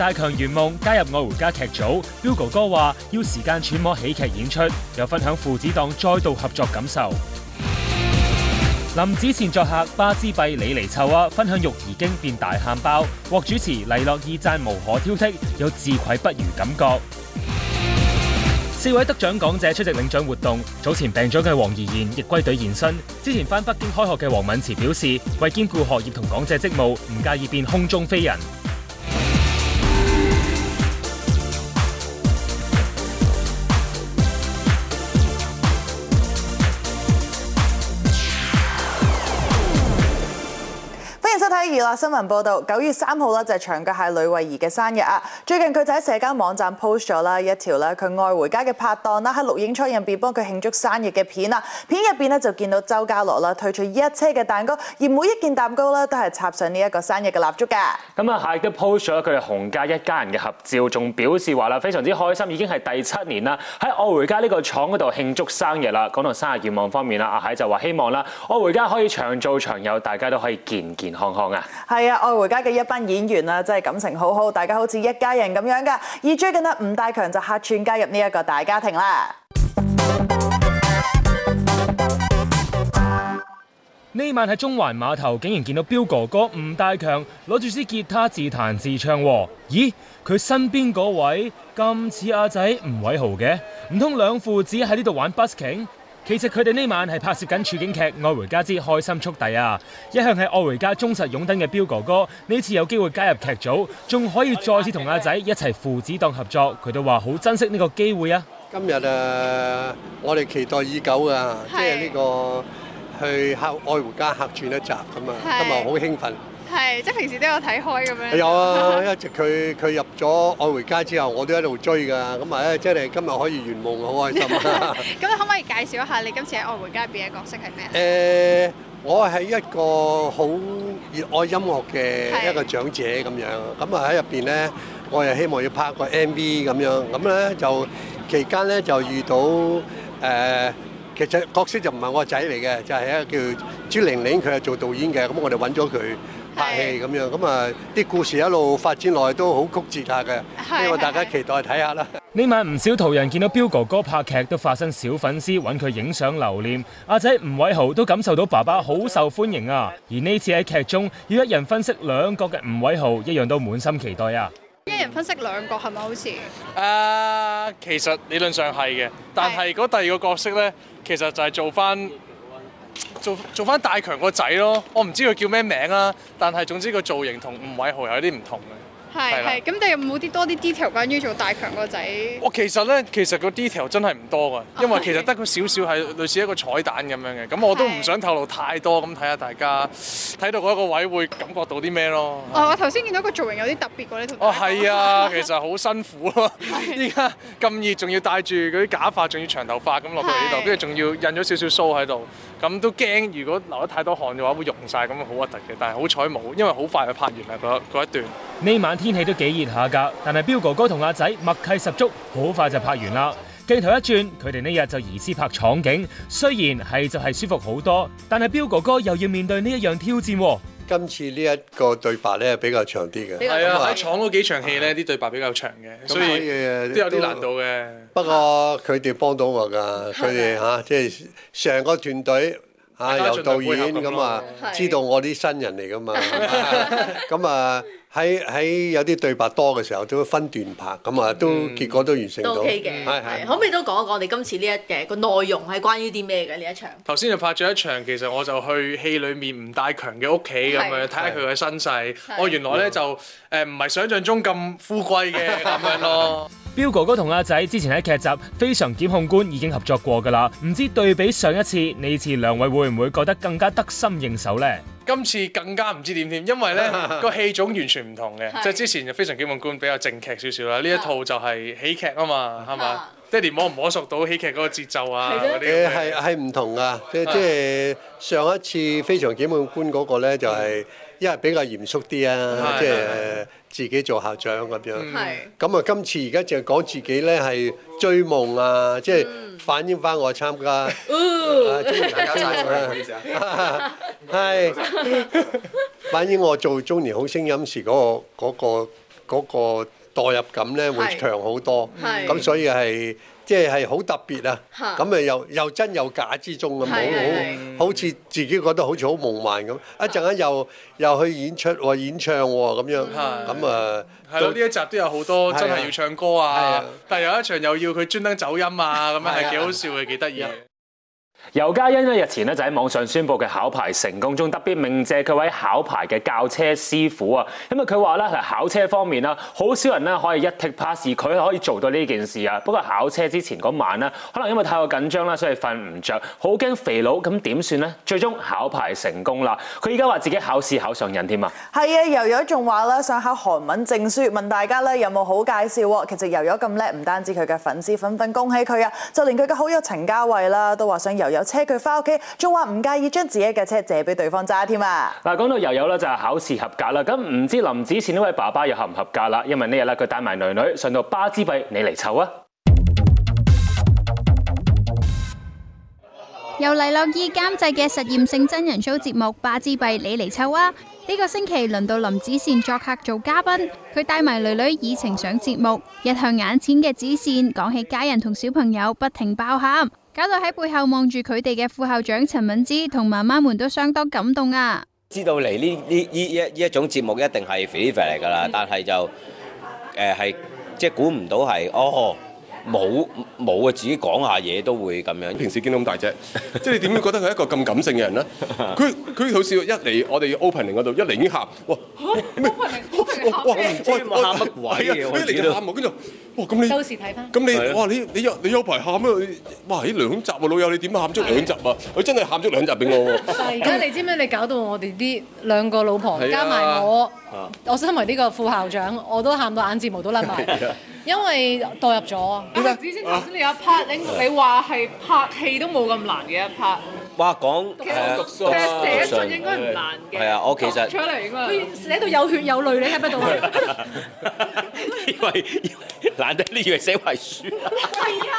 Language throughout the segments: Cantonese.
大強圓夢加入《愛回家》劇組，彪哥哥話要時間揣摩喜劇演出，又分享父子檔再度合作感受。 林子善作客巴之畢你黎湊啊，分享育兒經變大喊包，獲主持黎洛意讚無可挑剔，有自愧不如感覺。 四位得獎港姐出席領獎活動，早前病咗嘅黃怡然亦歸隊現身。之前翻北京開學嘅黃敏慈表示，為兼顧學業同港姐職務，唔介意變空中飛人。娛樂、啊、新聞報道，九月三號啦，就係、是、長腳蟹呂慧儀嘅生日啊！最近佢就喺社交網站 post 咗啦一條咧佢愛回家嘅拍檔啦喺錄影廠入邊幫佢慶祝生日嘅片啊！片入邊咧就見到周家樂啦，推出一車嘅蛋糕，而每一件蛋糕咧都係插上呢一個生日嘅蠟燭㗎。咁啊、嗯，蟹都 post 咗佢哋熊家一家人嘅合照，仲表示話啦非常之開心，已經係第七年啦喺愛回家呢個廠嗰度慶祝生日啦。講到生日願望方面啦，阿、啊、蟹就話希望啦愛回家可以長做長有，大家都可以健健康康啊！係啊！《愛回家》嘅一班演員啊，真係感情好好，大家好似一家人咁樣噶。而最近呢，吳大強就客串加入呢一個大家庭啦。呢晚喺中環碼頭，竟然見到彪哥哥吳大強攞住支吉他自彈自唱。咦，佢身邊嗰位咁似阿仔吳偉豪嘅，唔通兩父子喺呢度玩 busking？其實佢哋呢晚係拍攝緊處境劇《愛回家之開心速遞》啊！一向係《愛回家》忠實擁躉嘅彪哥哥，呢次有機會加入劇組，仲可以再次同阿仔一齊父子檔合作，佢都話好珍惜呢個機會啊！今日啊，我哋期待已久啊，即係呢個去《客愛回家》客串一集咁啊，今日好興奮。是係，即係平時都有睇開咁樣。有啊，一直佢佢入咗《愛回家》之後，我都喺度追㗎。咁啊，即係你今日可以圓夢，我好開心啊！咁你可唔可以介紹一下你今次喺《愛回家》入邊嘅角色係咩？誒，我係一個好熱愛音樂嘅一個長者咁樣。咁啊喺入邊咧，我又希望要拍個 MV 咁樣。咁咧就期間咧就遇到誒，其實角色就唔係我個仔嚟嘅，就係一個叫朱玲玲，佢係做導演嘅。咁我哋揾咗佢。拍戲咁樣，咁啊啲故事一路發展落去都好曲折下嘅，希望大家期待睇下啦。呢晚唔少途人見到彪哥哥拍劇，都化身小粉絲揾佢影相留念。阿仔吳偉豪都感受到爸爸好受歡迎啊。而呢次喺劇中要一人分飾兩角嘅吳偉豪，一樣都滿心期待啊。一人分飾兩角係咪好似？誒，其實理論上係嘅，但係嗰第二個角色呢，其實就係做返。.做做翻大強個仔咯，我唔知佢叫咩名啦，但係總之個造型同吳偉豪有啲唔同嘅。係係，咁但係有冇啲多啲 detail 關於做大強個仔？我其實咧，其實個 detail 真係唔多㗎，因為其實得個少少係類似一個彩蛋咁樣嘅。咁我都唔想透露太多，咁睇下大家睇到嗰個位會感覺到啲咩咯。哦，我頭先見到個造型有啲特別喎，呢套。哦，係啊，其實好辛苦咯。依家咁熱，仲要戴住嗰啲假髮，仲要長頭髮咁落到呢度，跟住仲要印咗少少鬚喺度。咁都驚，如果流得太多汗嘅話，會溶晒。咁好核突嘅。但係好彩冇，因為好快就拍完啦，嗰嗰一段。呢晚天氣都幾熱下㗎，但係彪哥哥同阿仔默契十足，好快就拍完啦。鏡頭一轉，佢哋呢日就移師拍廠景。雖然係就係舒服好多，但係彪哥哥又要面對呢一樣挑戰喎。今次呢一個對白咧，比較長啲嘅。係啊，喺廠嗰幾場戲咧，啲對白比較長嘅，所以都有啲難度嘅。不過佢哋幫到我㗎，佢哋吓，即係成個團隊吓由導演咁啊，知道我啲新人嚟㗎嘛，咁啊。喺喺有啲對白多嘅時候，都分段拍，咁啊都結果都完成到。OK 嘅，係係。可唔可以都講一講？我哋今次呢一嘅個內容係關於啲咩嘅呢一場？頭先就拍咗一場，其實我就去戲裡面吳大強嘅屋企咁樣睇下佢嘅身世。我原來咧就誒唔係想像中咁富貴嘅咁樣咯。彪哥哥同阿仔之前喺劇集《非常檢控官》已經合作過噶啦，唔知對比上一次，呢次兩位會唔會覺得更加得心應手呢？今次更加唔知點添，因為呢 個戲種完全唔同嘅，即係 之前就《非常檢控官》比較正劇少少啦，呢一套就係喜劇啊嘛，係嘛 吧？爹哋摸唔摸熟到喜劇嗰個節奏啊？係係唔同噶，即係 上一次《非常檢控官》嗰、那個呢，就係、是。因為比較嚴肅啲啊，即係自己做校長咁樣。咁啊，今次而家淨係講自己咧係追夢啊，即係反映翻我參加中年大家山水，唔好意思啊。係反映我做中年好聲音時嗰個嗰個嗰個。代入感咧會強好多，咁是所以係即係係好特別啊！咁誒是又又真又假之中咁、啊，好好好似自己覺得好似好夢幻咁。一陣間又又去演出演唱喎、啊、咁樣，咁誒是。係呢、啊、一集都有好多的真係要唱歌啊！的但係有一場又要佢專登走音啊，咁樣係幾好笑嘅，幾得意。尤嘉欣咧日前咧就喺網上宣布嘅考牌成功中，仲特別鳴謝佢位考牌嘅教車師傅啊。咁啊佢話咧喺考車方面啦，好少人咧可以一剔 pass，佢可以做到呢件事啊。不過考車之前嗰晚咧，可能因為太過緊張啦，所以瞓唔着，好驚肥佬，咁點算咧？最終考牌成功啦，佢依家話自己考試考上癮添啊。係啊，游游仲話啦，想考韓文證書，問大家咧有冇好介紹？其實游游咁叻，唔單止佢嘅粉絲紛紛恭喜佢啊，就連佢嘅好友程嘉慧啦，都話想游游，車佢翻屋企，仲話唔介意將自己嘅車借俾對方揸添啊！嗱，講到又有啦，就係、是、考試合格啦。咁唔知林子善呢位爸爸又合唔合格啦？因為呢日啦，佢帶埋女女上到《巴之幣》，你嚟湊啊！由嚟啦，監製嘅實驗性真人 show 節目《巴之幣》，你嚟湊啊！呢個星期輪到林子善作客做嘉賓，佢帶埋女女以情上節目，一向眼淺嘅子善講起家人同小朋友，不停爆喊。搞到喺背後望住佢哋嘅副校長陳敏之同媽媽們都相當感動啊！知道嚟，呢呢依一依一種節目一定係 very very 噶啦，但、呃、係就誒係即係估唔到係哦冇冇啊！自己講下嘢都會咁樣。平時見到咁大隻，即係你點樣覺得佢係一個咁感性嘅人咧？佢佢好笑一，一嚟我哋 opening 嗰度，一嚟已經喊哇咩？哇哇乜、哦呃、鬼嘢？一嚟就喊啊，跟住。到時睇翻。咁你，哇！你你有你有排喊咩！哇！依兩集啊，老友你點喊足兩集啊？佢真係喊足兩集俾我喎。但係而家你知唔知你搞到我哋啲兩個老婆加埋我，我身為呢個副校長，我都喊到眼睫毛都甩埋，因為代入咗。頭先頭先你有拍，你你話係拍戲都冇咁難嘅一拍。哇！講。其實佢寫信應該唔難嘅。係啊，我其實。出嚟啊嘛。寫到有血有淚，你聽唔聽到啊？因為難。以為寫遺書，係啊，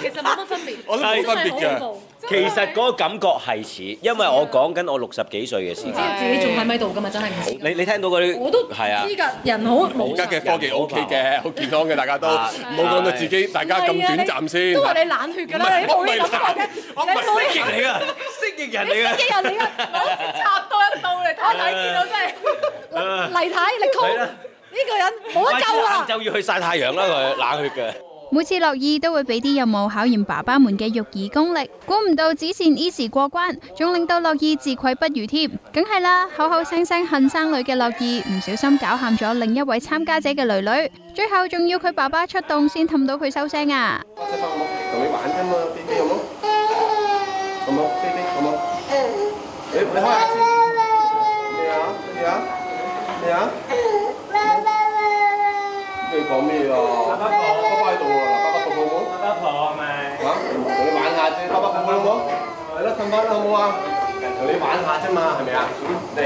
其實冇乜分別，冇分別㗎。其實嗰個感覺係似，因為我講緊我六十幾歲嘅事，即係自己仲喺咪度㗎嘛，真係。你你聽到嗰啲，我都知㗎。人好無敵嘅，而家嘅科技 OK 嘅，好健康嘅，大家都冇講到自己，大家咁短暫先。都話你冷血㗎啦，冇嘢諗嘅，我唔係蜥蜴嚟㗎，蜥蜴人嚟㗎，好似插多一刀嚟，我睇見到真係。黎太，你 call。呢個人冇得救啦！就要去曬太陽啦，佢冷血嘅。每次樂意都會俾啲任務考驗爸爸們嘅育兒功力，估唔到子善 easy 過關，仲令到樂意自愧不如添。梗係啦，口口聲聲恨生女嘅樂意，唔小心搞喊咗另一位參加者嘅女女，最後仲要佢爸爸出動先氹到佢收聲啊！同你玩添啊，飛飛有冇？好冇，飛飛好冇？誒，你好呀？咩啊？咩啊？咩啊？做咩啊？爸爸好，喺度啊！爸爸好唔好？爸爸係咪？同你玩下啫，爸爸，瞓返啦，好唔好啊？同你玩下啫嘛，係咪啊？嚟，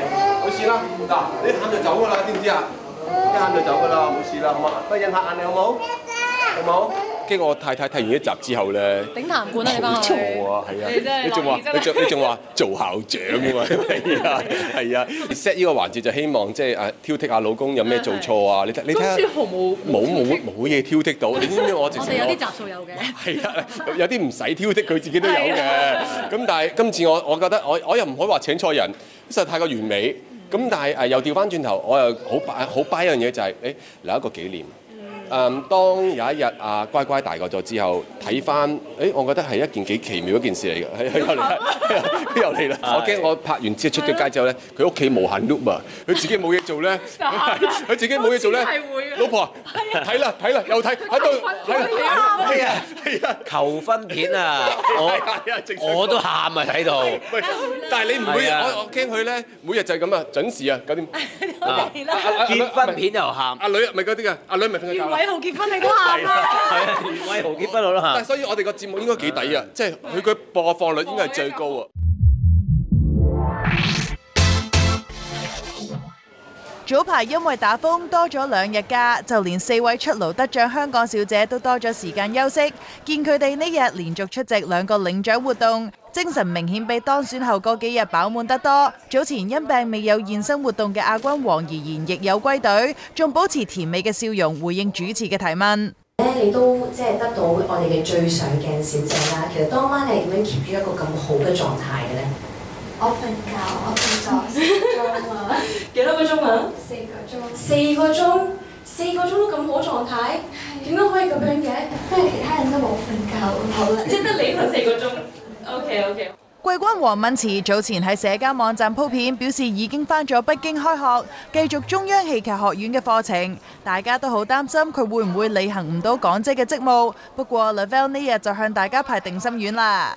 冇事啦。嗱，你喊就走噶啦，知唔知啊？一喊就走噶啦，冇事啦，好好？不應嚇人，你好唔好？好冇？經我太太睇完一集之後咧，頂談館啊，講錯啊，係啊，你仲話你仲你仲話做校長啊嘛？係啊，係啊，set 呢個環節就希望即係誒挑剔下老公有咩做錯啊？你睇你睇，好冇冇冇冇嘢挑剔到？你知唔知我哋有啲集數有嘅？係啊，有啲唔使挑剔，佢自己都有嘅。咁但係今次我我覺得我我又唔可以話請錯人，實在太過完美。咁但係誒又調翻轉頭，我又好擺好擺一樣嘢就係誒留一個紀念。誒，當有一日阿乖乖大個咗之後，睇翻，誒，我覺得係一件幾奇妙一件事嚟嘅，係係又嚟啦，又嚟啦！我驚我拍完之後出咗街之後咧，佢屋企無限 loop 啊，佢自己冇嘢做咧，佢自己冇嘢做咧，老婆，睇啦睇啦，又睇，睇到，睇啊，喺度，求婚片啊，我都喊啊睇到，但係你唔會，我我驚佢咧，每日就係咁啊，準時啊九點啊，結婚片又喊，阿女咪嗰啲噶，阿女咪瞓咗覺。威豪結婚你都嚇啊，威 豪結婚好我都嚇。但所以我哋個節目應該幾抵啊， 即係佢個播放率應該係最高啊。 早排因為打風多咗兩日假，就連四位出爐得獎香港小姐都多咗時間休息。見佢哋呢日連續出席兩個領獎活動。精神明顯比當選後嗰幾日飽滿得多。早前因病未有現身活動嘅亞軍王怡然亦有歸隊，仲保持甜美嘅笑容回應主持嘅提問。咧你都即係得到我哋嘅最上鏡小姐啦。其實當晚你係點樣 keep 住一個咁好嘅狀態嘅咧？我瞓覺，我瞓咗四個鐘啊！幾多個鐘啊？四個鐘。四個鐘，四個鐘都咁好狀態，點解可以咁樣嘅？因為其他人都冇瞓覺。咁好啦，即係得你瞓四個鐘。O K O K，季軍黃敏慈早前喺社交網站鋪片，表示已經返咗北京開學，繼續中央戲劇學院嘅課程。大家都好擔心佢會唔會履行唔到港姐嘅職務。不過 Level 呢日就向大家派定心丸啦。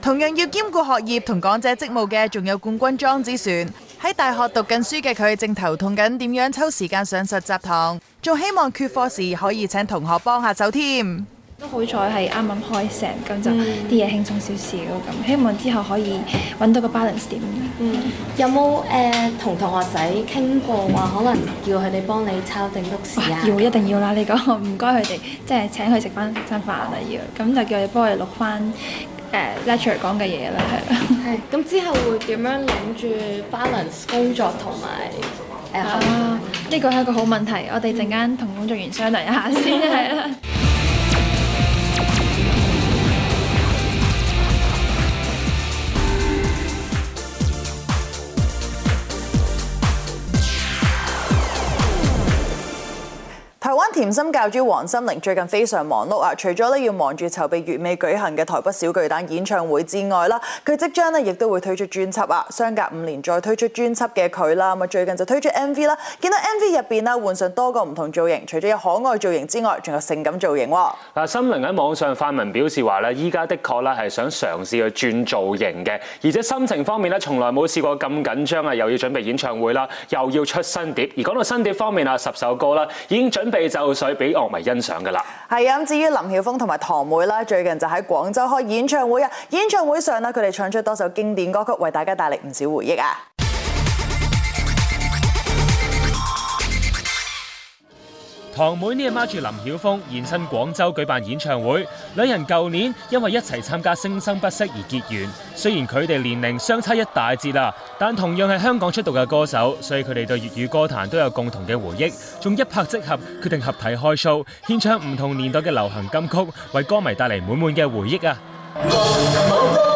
同樣要兼顧學業同港姐職務嘅，仲有冠軍莊子璇喺大學讀緊書嘅佢，正頭痛緊點樣抽時間上實習堂，仲希望缺課時可以請同學幫下手添。都好彩係啱啱開成，咁就啲嘢、嗯、輕鬆少少咁。希望之後可以揾到個 balance 點。嗯，有冇誒同同學仔傾過話，可能叫佢哋幫你抄定錄試啊？要，一定要啦！你講唔該佢哋，即係請佢食翻餐飯啦，要咁就叫佢幫佢錄翻。誒 lecture 講嘅嘢啦，係啦，係咁的 之後會點樣諗住 balance 工作同埋誒，呢個係一個好問題。嗯、我哋陣間同工作人員商量一下先，係啦。 台灣甜心教主王心凌最近非常忙碌啊！除咗咧要忙住籌備月尾舉行嘅台北小巨蛋演唱會之外啦，佢即將咧亦都會推出專輯啊！相隔五年再推出專輯嘅佢啦，咁啊最近就推出 MV 啦。見到 MV 入邊啦，換上多個唔同造型，除咗有可愛造型之外，仲有性感造型嗱，心凌喺網上發文表示話呢依家的確啦係想嘗試去轉造型嘅，而且心情方面咧，從來冇試過咁緊張啊！又要準備演唱會啦，又要出新碟。而講到新碟方面啊，十首歌啦，已經準備。就水俾樂迷欣賞嘅啦，係啊！至於林曉峰同埋堂妹啦，最近就喺廣州開演唱會啊！演唱會上呢，佢哋唱出多首經典歌曲，為大家帶嚟唔少回憶啊！堂妹呢孖住林曉峰現身廣州舉辦演唱會，兩人舊年因為一齊參加《聲生不息》而結緣。雖然佢哋年齡相差一大截啦，但同樣係香港出道嘅歌手，所以佢哋對粵語歌壇都有共同嘅回憶，仲一拍即合，決定合體開 show，獻唱唔同年代嘅流行金曲，為歌迷帶嚟滿滿嘅回憶啊！哦哦哦哦哦哦哦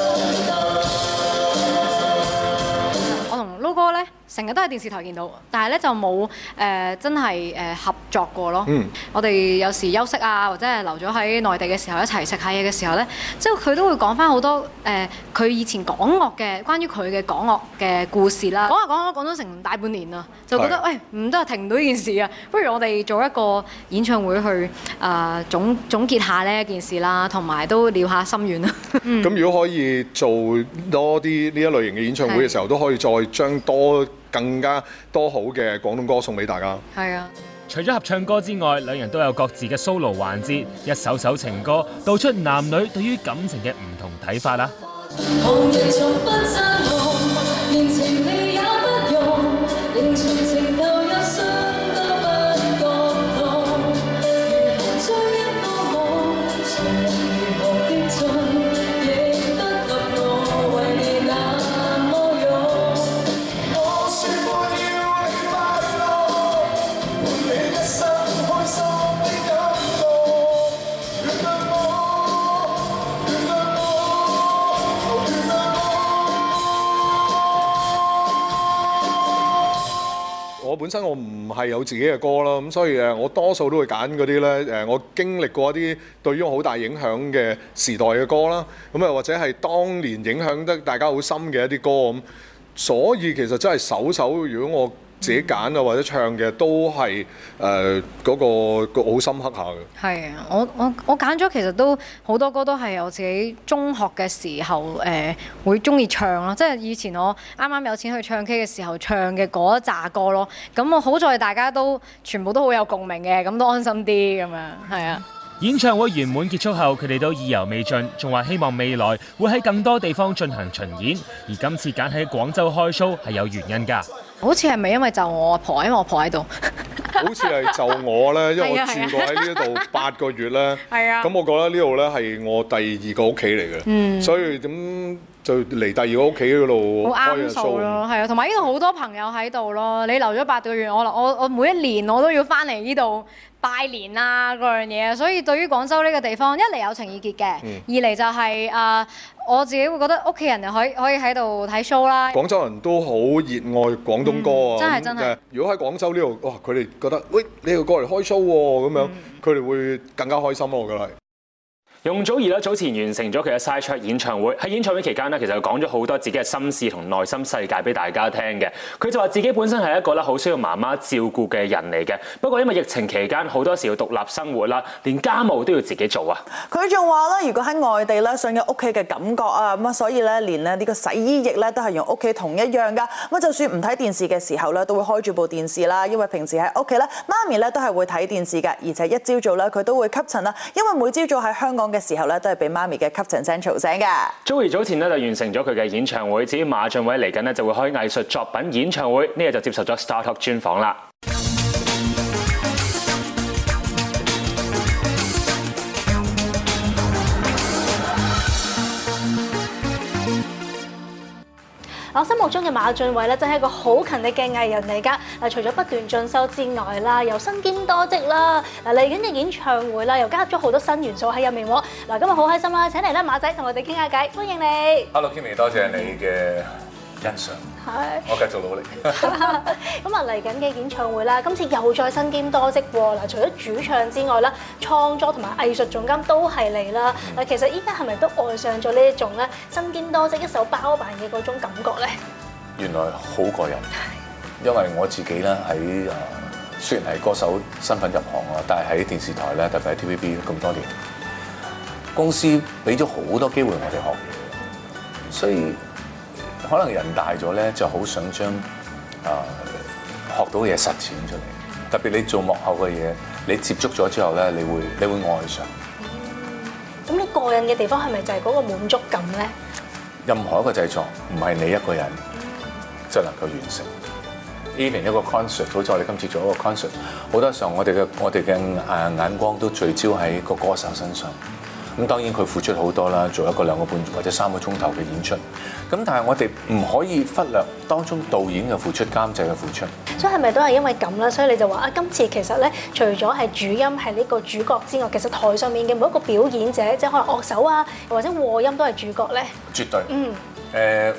成日都喺電視台見到，但係咧就冇誒、呃、真係誒、呃、合作過咯。嗯、我哋有時休息啊，或者係留咗喺內地嘅時候，一齊食下嘢嘅時候咧，即係佢都會講翻好多誒，佢、呃、以前港樂嘅關於佢嘅港樂嘅故事啦。講下講咗講咗成大半年啦，就覺得誒唔得係停唔到呢件事啊，不如我哋做一個演唱會去誒、呃、總總結下呢一件事啦，同埋都聊下心願啦。咁、嗯嗯、如果可以做多啲呢一類型嘅演唱會嘅時候，都可以再將多。更加多好嘅廣東歌送俾大家。係啊的，除咗合唱歌之外，兩人都有各自嘅 solo 環節，一首首情歌道出男女對於感情嘅唔同睇法啦。我唔係有自己嘅歌啦，咁所以誒，我多數都會揀嗰啲咧，誒，我經歷過一啲對於我好大影響嘅時代嘅歌啦，咁誒，或者係當年影響得大家好深嘅一啲歌咁，所以其實真係首首如果我自己揀啊，或者唱嘅都係誒嗰個好、嗰個、深刻下嘅。係啊，我我我揀咗，其實都好多歌都係我自己中學嘅時候誒、呃、會中意唱咯，即係以前我啱啱有錢去唱 K 嘅時候唱嘅嗰一紮歌咯。咁我好在大家都全部都好有共鳴嘅，咁都安心啲咁樣，係啊。演唱會完滿結束後，佢哋都意猶未盡，仲話希望未來會喺更多地方進行巡演，而今次揀喺廣州開 show 係有原因㗎。好似係咪因為就我阿婆，因為我婆喺度。好似係就我咧，因為我住過喺呢一度八個月咧。係 啊。咁、啊、我覺得呢度咧係我第二個屋企嚟嘅。嗯。所以咁就嚟第二個屋企嗰度。好啱數咯，係啊，同埋呢度好多朋友喺度咯。你留咗八個月，我我我每一年我都要翻嚟呢度，拜年啊，嗰樣嘢，所以對於廣州呢個地方，一嚟有情意結嘅，嗯、二嚟就係、是、啊、呃、我自己會覺得屋企人又可可以喺度睇 show 啦。廣州人都好熱愛廣東歌啊，嗯、真係那真係的。如果喺廣州呢度，哇！佢哋覺得喂你個歌嚟開 show 喎、啊，咁樣佢哋、嗯、會更加開心咯、啊、我覺得係。容祖兒咧早前完成咗佢嘅 side track 演唱會，喺演唱會期間咧，其實講咗好多自己嘅心事同內心世界俾大家聽嘅。佢就話自己本身係一個咧好需要媽媽照顧嘅人嚟嘅，不過因為疫情期間好多時要獨立生活啦，連家務都要自己做啊。佢仲話咧，如果喺外地咧，想有屋企嘅感覺啊，咁啊，所以咧連咧呢個洗衣液咧都係用屋企同一樣噶。咁就算唔睇電視嘅時候咧，都會開住部電視啦，因為平時喺屋企咧，媽咪咧都係會睇電視嘅，而且一朝早咧佢都會吸塵啦，因為每朝早喺香港嘅時候咧，都係俾媽咪嘅吸塵聲吵醒嘅。Joey 早前咧就完成咗佢嘅演唱會，至於馬浚偉嚟緊咧就會開藝術作品演唱會，呢日就接受咗 StarTalk 專訪啦。我心目中嘅馬俊偉咧，真係一個好勤力嘅藝人嚟㗎。嗱，除咗不斷進修之外啦，又身兼多職啦。嗱，嚟緊嘅演唱會啦，又加入咗好多新元素喺入面喎。嗱，今日好開心啦！請嚟咧馬仔同我哋傾下偈，歡迎你。Hello，Kimmy，多謝你嘅。欣賞，yes, Yes. 我繼續努力。咁啊，嚟緊嘅演唱會啦，今次又再身兼多職喎。嗱，除咗主唱之外啦，創作同埋藝術總監都係你啦。嗱，嗯、其實依家係咪都愛上咗呢一種咧，身兼多職、一手包辦嘅嗰種感覺咧？原來好過癮，係因為我自己啦，喺誒，雖然係歌手身份入行啊，但係喺電視台咧，特別喺 TVB 咁多年，公司俾咗好多機會我哋學嘢，所以。可能人大咗咧，就好想將誒、呃、學到嘢實踐出嚟。特別你做幕後嘅嘢，你接觸咗之後咧，你會你會愛上。咁你過癮嘅地方係咪就係嗰個滿足感咧？任何一個製作唔係你一個人、嗯、就能夠完成。Even、mm hmm. 一個 concert，好在我哋今次做一個 concert，好多時候我哋嘅我哋嘅誒眼光都聚焦喺個歌手身上。咁當然佢付出好多啦，做一個兩個半或者三個鐘頭嘅演出。咁但係我哋唔可以忽略當中導演嘅付出、監製嘅付出。所以係咪都係因為咁啦？所以你就話啊，今次其實咧，除咗係主音係呢個主角之外，其實台上面嘅每一個表演者，即係可能樂手啊，或者和音都係主角咧。絕對。嗯。誒，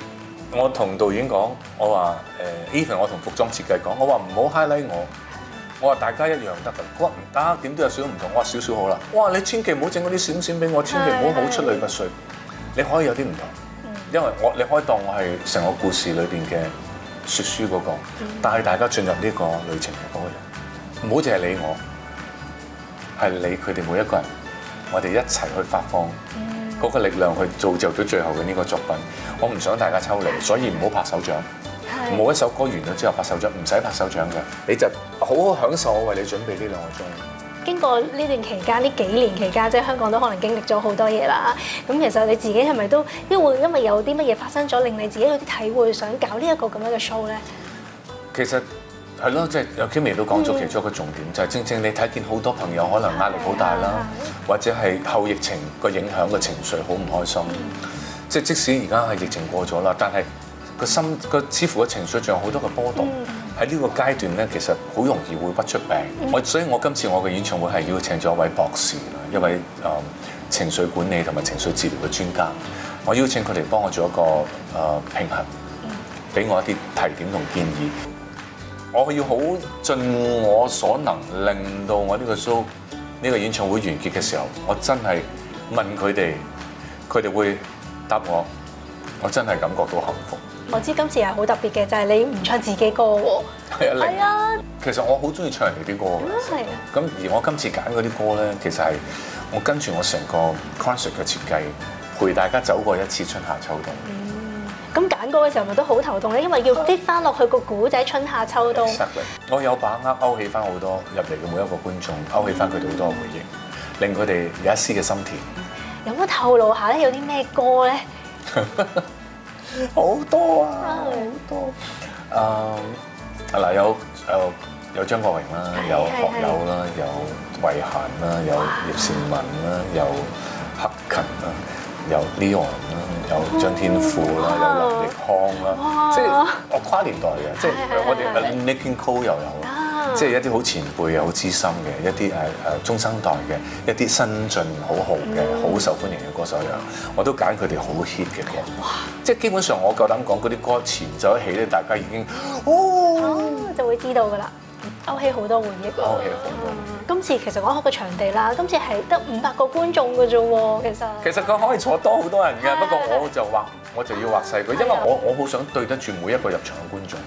我同導演講，Nathan，我話誒，even 我同服裝設計講，我話唔好 highlight 我。我話大家一樣得㗎，佢話唔得點都有少少唔同，我話少少好啦。哇！你千祈唔好整嗰啲閃閃俾我，千祈唔好好出嚟嘅稅。是的 你可以有啲唔同，因為我你可以當我係成個故事裏邊嘅説書嗰個，帶大家進入呢個旅程嘅嗰個人，唔好淨係理我，係你佢哋每一個人，我哋一齊去發放嗰個力量去造就咗最後嘅呢個作品。我唔想大家抽離，所以唔好拍手掌。每是一首歌完咗之後拍手掌。唔使拍手掌嘅，你就好好享受我為你準備呢兩個鐘。經過呢段期間，呢幾年期間，即係香港都可能經歷咗好多嘢啦。咁其實你自己係咪都因為因為有啲乜嘢發生咗，令你自己有啲體會，想搞、這個、呢一個咁樣嘅 show 咧？其實係咯，即係阿 Kimmy 都講咗其中一個重點，嗯、就係正正你睇見好多朋友可能壓力好大啦，嗯、或者係後疫情個影響個情緒好唔開心。嗯、即係即,即使而家係疫情過咗啦，但係個心個似乎個情緒仲有好多嘅波動，喺、嗯、呢個階段咧，其實好容易會不出病。我、嗯、所以我今次我嘅演唱會係邀請咗一位博士啦，一位誒、呃、情緒管理同埋情緒治療嘅專家，我邀請佢嚟幫我做一個誒、呃、平衡，俾我一啲提點同建議。我要好盡我所能，令到我呢個 show 呢個演唱會完結嘅時候，我真係問佢哋，佢哋會答我，我真係感覺到幸福。我知今次係好特別嘅，就係、係、你唔唱自己歌喎。係啊，係啊其實我好中意唱人哋啲歌嘅。咁嗎而我今次揀嗰啲歌咧，其實係我跟住我成個 concert 嘅設計，陪大家走過一次春夏秋冬、嗯。咁揀歌嘅時候咪都好頭痛咧，因為要 fit 翻落去個故仔春夏秋冬、啊啊。我有把握勾起翻好多入嚟嘅每一個觀眾，勾起翻佢哋好多嘅回憶，嗯、令佢哋有一絲嘅心田、嗯。有冇透露下咧？有啲咩歌咧？好多啊，好多。誒，嗱，有誒有張國榮啦，有學友啦，有慧嫻啦，有葉倩文啦，有克勤啦，有 Leon 啦，有張天賦啦，有林奕匡啦，即係我跨年代嘅，即係我哋 Nicole 又有。即係、 就是、一啲好前輩嘅，好資深嘅一啲誒誒中生代嘅一啲新晉好紅嘅好受歡迎嘅歌手樣，我都揀佢哋好 hit 嘅歌。哇！即係基本上我夠膽講嗰啲歌前奏一起咧，大家已經，哦哦，就會知道㗎啦，勾起好多回憶，勾起好多。嗯、今次其實我講下個場地啦，今次係得五百個觀眾㗎啫喎，其實其實佢可以坐多好多人㗎， 不過我就畫我就要畫細佢，的因為我我好想對得住每一個入場嘅觀眾。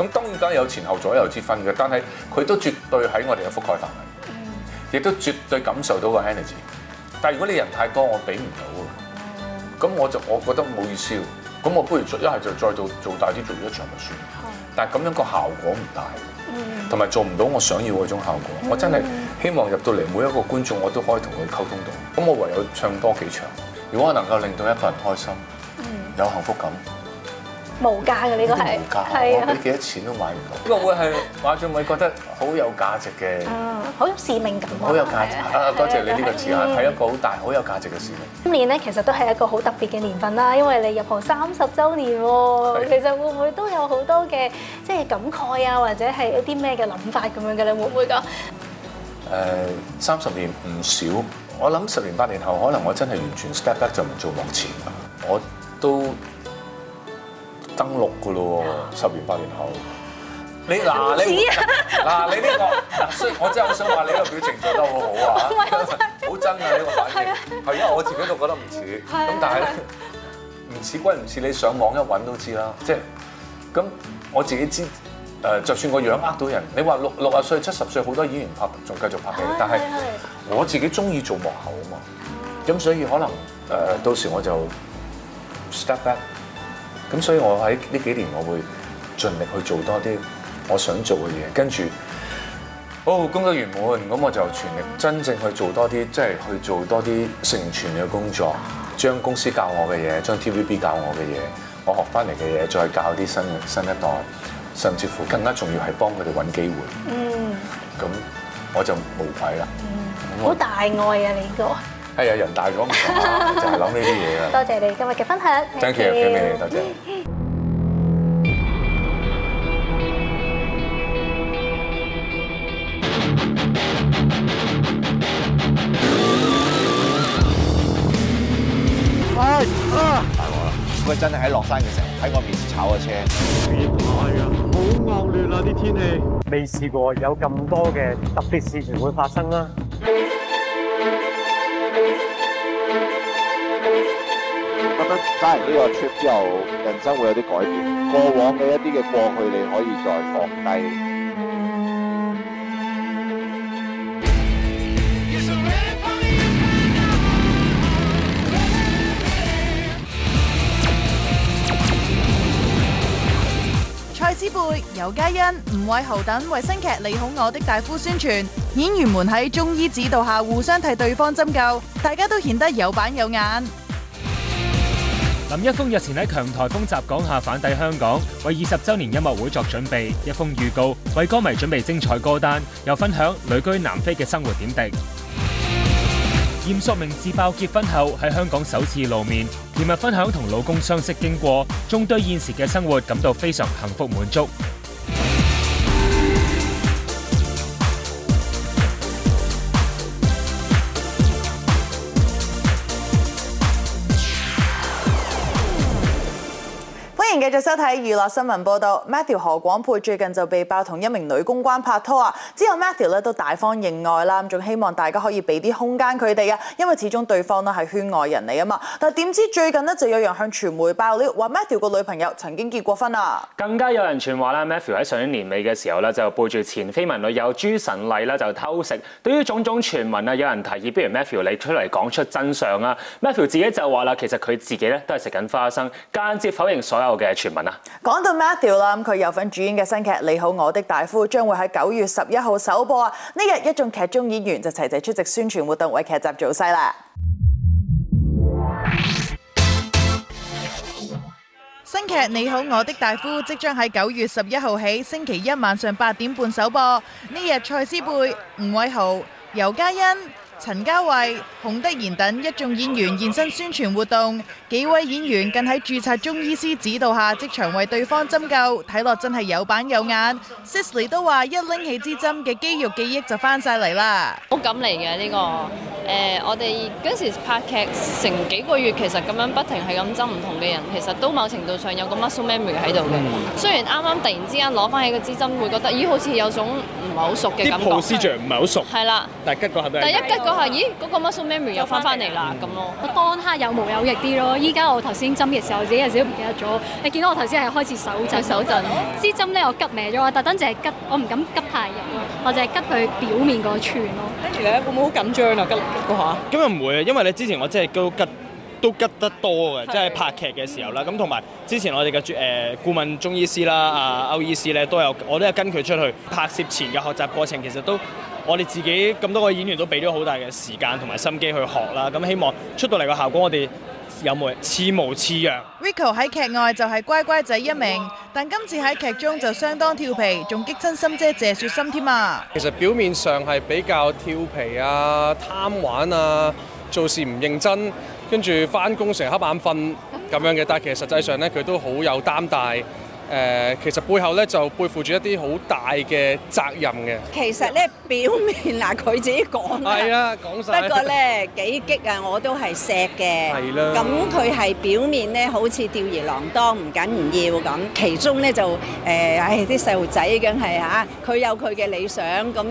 咁當然梗係有前後左右之分嘅，但係佢都絕對喺我哋嘅覆蓋範圍，亦、嗯、都絕對感受到個 energy。但係如果你人太多，我俾唔到，咁、嗯、我就我覺得冇意思。咁我不如一係就再做做大啲，做一場就算。嗯、但係咁樣個效果唔大，同埋、嗯、做唔到我想要嗰種效果。嗯、我真係希望入到嚟每一個觀眾我都可以同佢溝通到。咁我唯有唱多幾場，如果我能夠令到一個人開心，嗯、有幸福感。無價嘅呢個，我俾幾多錢都買唔到。呢個會係馬浚偉覺得好有價值嘅，嗯，好有使命感。好有價值啊！多謝你呢個字眼，係一個好大、好有價值嘅使命。今年咧，其實都係一個好特別嘅年份啦，因為你入行三十週年喎。其實會唔會都有好多嘅即係感慨啊，或者係一啲咩嘅諗法咁樣嘅你會唔會講？誒，三十年唔少。我諗十年八年後，可能我真係完全 step back 就唔做幕前。我都。登陸噶咯，十年八年後，你嗱你嗱你呢、呢個， 所以我真係好想話你個表情做得好好啊，好真啊呢、 呢個反應，係因為我自己都覺得唔似，咁對了 但係唔似歸唔似，你上網一揾都知啦。即係咁我自己知，誒就算我樣呃到人，你話六六啊歲七十歲好多演員拍仲繼續拍戲，但係我自己中意做幕後啊嘛，咁所以可能誒到、呃、時我就 step back。咁所以，我喺呢幾年，我會盡力去做多啲我想做嘅嘢。跟住，哦，工作完滿，咁我就全力真正去做多啲，即係去做多啲成全嘅工作。將公司教我嘅嘢，將 TVB 教我嘅嘢，我學返嚟嘅嘢，再教啲新新一代。甚至乎更加重要係幫佢哋搵機會。嗯。咁我就無愧啦。嗯，咁我…好大愛啊！你個。係啊，人大咗，就諗呢啲嘢啊！多謝你今日嘅分享，張傑，歡迎你，多謝。係啊！咁啊，真係喺落山嘅時候喺我面前炒嘅車，變態啊！好惡劣啊！啲天氣未試過有咁多嘅特別事情會發生啦。加完呢個 trip 之後，人生會有啲改變。過往嘅一啲嘅過去，你可以再放低。 蔡思貝、尤嘉欣、吳偉豪等為新劇《你好我的大夫》宣傳。演員們喺中醫指導下互相替對方針灸，大家都顯得有板有眼。林一峰日前喺強颱風襲港下返抵香港，為二十周年音樂會作準備。一峰預告為歌迷準備精彩歌單，又分享旅居南非嘅生活點滴。嚴淑明自爆結婚後喺香港首次露面，甜蜜分享同老公相識經過，仲對現時嘅生活感到非常幸福滿足。 繼續收睇娛樂新聞報道，Matthew 何廣沛最近就被爆同一名女公關拍拖啊，之後 Matthew 咧都大方認愛啦，仲希望大家可以俾啲空間佢哋啊，因為始終對方咧係圈外人嚟啊嘛。但係點知最近呢，就有人向傳媒爆料，話 Matthew 個女朋友曾經結過婚啊，更加有人傳話啦，Matthew 喺上年年尾嘅時候咧就背住前緋聞女友朱晨麗咧就偷食。對於種種傳聞啊，有人提議不如 Matthew 你出嚟講出真相啦。Matthew 自己就話啦，其實佢自己咧都係食緊花生，間接否認所有嘅傳聞啊，講到 Matthew 啦，咁佢有份主演嘅新劇《你好我的大夫》將會喺九月十一號首播啊！呢日一眾劇中演員就齊齊出席宣傳活動為劇集做勢啦。新劇《你好我的大夫》即將喺九月十一號起星期一晚上八點半首播。呢日蔡思貝、吳偉豪、尤嘉欣、陳家慧、洪德賢等一眾演員現身宣傳活動，幾位演員更喺註冊中醫師指導下，即場為對方針灸，睇落真係有板有眼。Sisley 都話：一拎起支針嘅肌肉記憶就翻晒嚟啦。好敢嚟嘅呢個，誒、呃，我哋嗰時拍劇成幾個月，其實咁樣不停係咁針唔同嘅人，其實都某程度上有個 muscle memory 喺度嘅。雖然啱啱突然之間攞翻起個支針，會覺得咦、呃，好似有種唔係好熟嘅感覺。啲 pose 似唔係好熟。係啦對。但吉個係咪第一吉？我係，咦，嗰個 muscle memory 又翻翻嚟啦，咁咯，我當刻有毛有翼啲咯。依家我頭先針嘅時候，我自己有時都唔記得咗。你見到我頭先係開始手震手震咯，支針咧我急歪咗，我特登淨係急，我唔敢急太入，我淨係急佢表面嗰串咯。跟住咧，會唔會好緊張啊？急急嗰下？咁又唔會，因為你之前我真係都急都急得多嘅，即係拍劇嘅時候啦。咁同埋之前我哋嘅誒顧問中醫師啦，阿歐醫師咧都有，我都有跟佢出去拍攝前嘅學習過程，其實都。我哋自己咁多個演員都俾咗好大嘅時間同埋心機去學啦，咁希望出到嚟個效果我哋有冇似模似樣？Rico 喺劇外就係乖乖仔一名，但今次喺劇中就相當調皮，仲激親心姐謝雪心添啊！其實表面上係比較調皮啊、貪玩啊、做事唔認真，跟住翻工成日瞌眼瞓咁樣嘅，但其實實際上呢，佢都好有擔帶。誒，其實背後咧就背負住一啲好大嘅責任嘅。其實咧表面嗱佢自己講，係啊講曬。不過咧幾激啊，我都係錫嘅。係啦。咁佢係表面咧好似吊兒郎當，唔緊唔要咁。其中咧就誒，唉啲細路仔梗係嚇，佢有佢嘅理想。咁